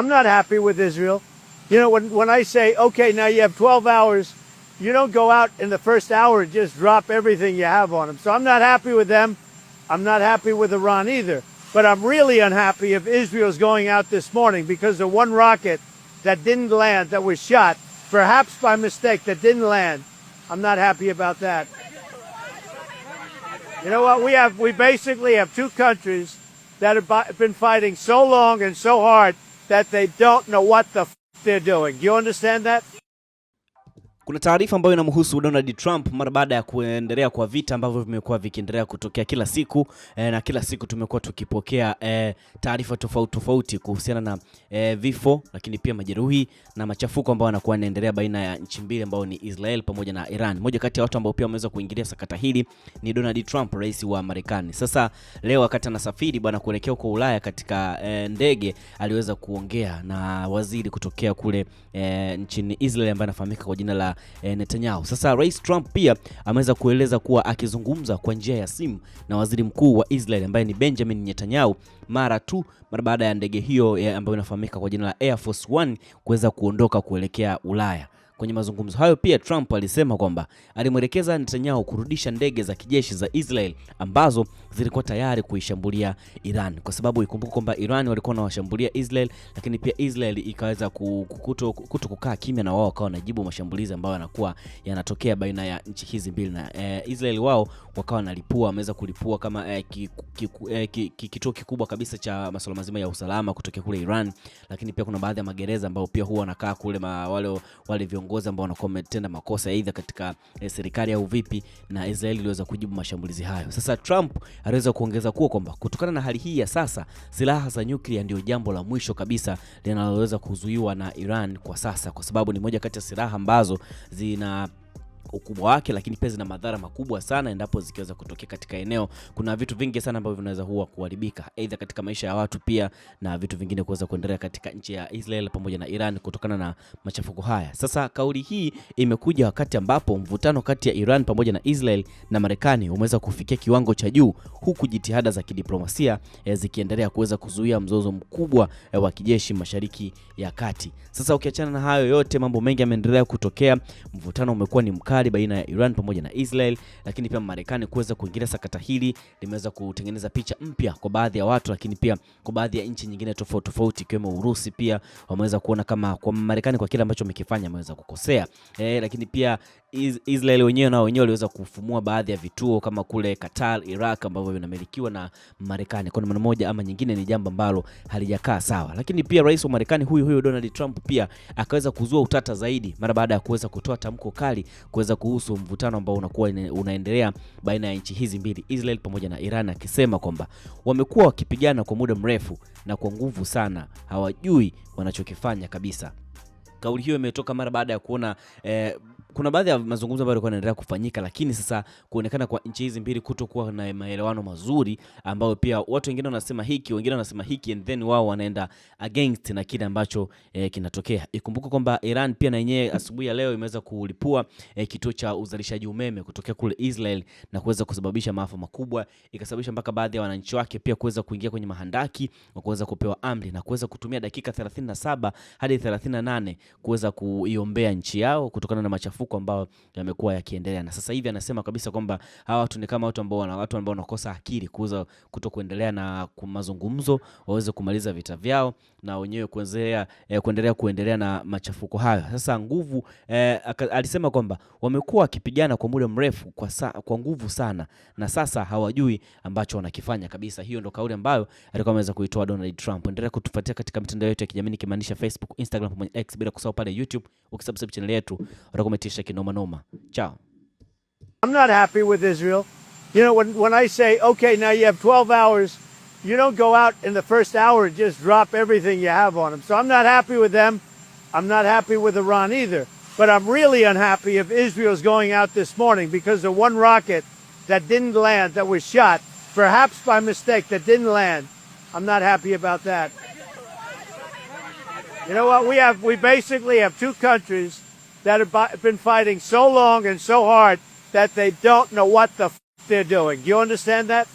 I'm not happy with Israel. You know, when, when I say, okay, now you have 12 hours, you don't go out in the first hour and just drop everything you have on them. So I'm not happy with them. I'm not happy with Iran either. But I'm really unhappy if Israel's going out this morning because the one rocket that didn't land, that was shot, perhaps by mistake, that didn't land, I'm not happy about that. You know what? We have, we basically have two countries that have been fighting so long and so hard that they don't know what the f- they're doing. Do you understand that? Kuna taarifa ambayo inamhusu Donald Trump mara baada ya kuendelea kwa vita ambavyo vimekuwa vikiendelea kutokea kila siku e, na kila siku tumekuwa tukipokea e, taarifa tofauti tofauti kuhusiana na e, vifo lakini pia majeruhi na machafuko ambayo yanakuwa yanaendelea baina ya nchi mbili ambao ni Israel pamoja na Iran. Moja kati ya watu ambao pia wameweza kuingilia sakata hili ni Donald Trump, rais wa Marekani. Sasa leo wakati anasafiri bwana kuelekea huko Ulaya katika e, ndege aliweza kuongea na waziri kutokea kule e, nchini Israel ambaye anafahamika kwa jina la eh, Netanyahu. Sasa Rais Trump pia ameweza kueleza kuwa akizungumza kwa njia ya simu na waziri mkuu wa Israel ambaye ni Benjamin Netanyahu mara tu mara baada ya ndege hiyo eh, ambayo inafahamika kwa jina la Air Force One kuweza kuondoka kuelekea Ulaya. Kwenye mazungumzo hayo pia Trump alisema kwamba alimwelekeza Netanyahu kurudisha ndege za kijeshi za Israel ambazo zilikuwa tayari kuishambulia Iran, kwa sababu ikumbuke kwamba Iran walikuwa wanawashambulia Israel, lakini pia Israel ikaweza kuto kukaa kimya na wao wakawa wanajibu mashambulizi ambayo yanakuwa yanatokea baina ya nchi hizi mbili na e, Israel wao wakawa wanalipua, wameweza kulipua kama e, eh, kituo ki, ki, eh, ki, kikubwa kabisa cha masuala mazima ya usalama kutokea kule Iran, lakini pia kuna baadhi ya magereza ambayo pia huwa wanakaa kule ma, wale, wale viongozi viongozi ambao wanakuwa wametenda makosa aidha katika eh, serikali au vipi, na Israeli iliweza kujibu mashambulizi hayo. Sasa Trump aliweza kuongeza kuwa kwamba kutokana na hali hii ya sasa, silaha za nyuklia ndio jambo la mwisho kabisa linaloweza kuzuiwa na Iran kwa sasa, kwa sababu ni moja kati ya silaha ambazo zina ukubwa wake, lakini pia zina madhara makubwa sana endapo zikiweza kutokea katika eneo. Kuna vitu vingi sana ambavyo vinaweza huwa kuharibika aidha katika maisha ya watu pia na vitu vingine kuweza kuendelea katika nchi ya Israel pamoja na Iran kutokana na machafuko haya. Sasa kauli hii imekuja wakati ambapo mvutano kati ya Iran pamoja na Israel na Marekani umeweza kufikia kiwango cha juu, huku jitihada za kidiplomasia eh, zikiendelea kuweza kuzuia mzozo mkubwa eh, wa kijeshi mashariki ya kati. Sasa ukiachana na hayo yote, mambo mengi yameendelea kutokea, mvutano umekuwa ni mkali mkali baina ya Iran pamoja na Israel, lakini pia Marekani kuweza kuingilia sakata hili limeweza kutengeneza picha mpya kwa baadhi ya watu, lakini pia kwa baadhi ya nchi nyingine tofauti tofauti ikiwemo Urusi pia wameweza kuona kama kwa Marekani kwa kile ambacho wamekifanya wameweza kukosea eh, lakini pia Israel wenyewe nao wenyewe waliweza kufumua baadhi ya vituo kama kule Qatar, Iraq ambavyo vinamilikiwa na Marekani. Kwa namna moja ama nyingine ni jambo ambalo halijakaa sawa, lakini pia rais wa Marekani huyu huyu Donald Trump pia akaweza kuzua utata zaidi mara baada ya kuweza kutoa tamko kali kuweza kuhusu mvutano ambao unakuwa unaendelea baina ya nchi hizi mbili, Israel pamoja na Iran, akisema kwamba wamekuwa wakipigana kwa muda mrefu na kwa nguvu sana, hawajui wanachokifanya kabisa. Kauli hiyo imetoka mara baada ya kuona eh, kuna baadhi ya mazungumzo ambayo yalikuwa yanaendelea kufanyika, lakini sasa kuonekana kwa nchi hizi mbili kutokuwa na maelewano mazuri, ambayo pia watu wengine wanasema hiki, wengine wanasema hiki, and then wao wanaenda against na kile ambacho eh, kinatokea. Ikumbuke kwamba Iran pia na yenyewe asubuhi ya leo imeweza kulipua eh, kituo cha uzalishaji umeme kutokea kule Israel na kuweza kusababisha maafa makubwa, ikasababisha mpaka baadhi ya wananchi wake pia kuweza kuingia kwenye mahandaki na kuweza kupewa amri na kuweza kutumia dakika 37 hadi 38 kuweza kuiombea nchi yao kutokana na machafuko machafuko ambayo yamekuwa yakiendelea, na sasa hivi anasema kabisa kwamba hawa watu ni kama watu ambao wana watu ambao wanakosa akili kuweza kuto kuendelea na mazungumzo, waweze kumaliza vita vyao na wenyewe kuendelea eh, kuendelea kuendelea na machafuko hayo. Sasa nguvu eh, alisema kwamba wamekuwa wakipigana kwa muda mrefu kwa, sa, kwa nguvu sana na sasa hawajui ambacho wanakifanya kabisa. Hiyo ndo kauli ambayo alikuwa ameweza kuitoa Donald Trump. Endelea kutufuatia katika mitandao yetu ya kijamii nikimaanisha Facebook, Instagram pamoja X, bila kusahau pale YouTube. Ukisubscribe channel yetu utakuwa Ciao. I'm not happy with Israel. You know, when, when I say, okay, now you have 12 hours, you don't go out in the first hour and just drop everything you have on them. So I'm not happy with them. I'm not happy with Iran either. But I'm really unhappy if Israel's going out this morning because the one rocket that didn't land, that was shot, perhaps by mistake, that didn't land, I'm not happy about that. You know what? We have, we basically have two countries that have been fighting so long and so hard that they don't know what the f- they're doing. Do you understand that?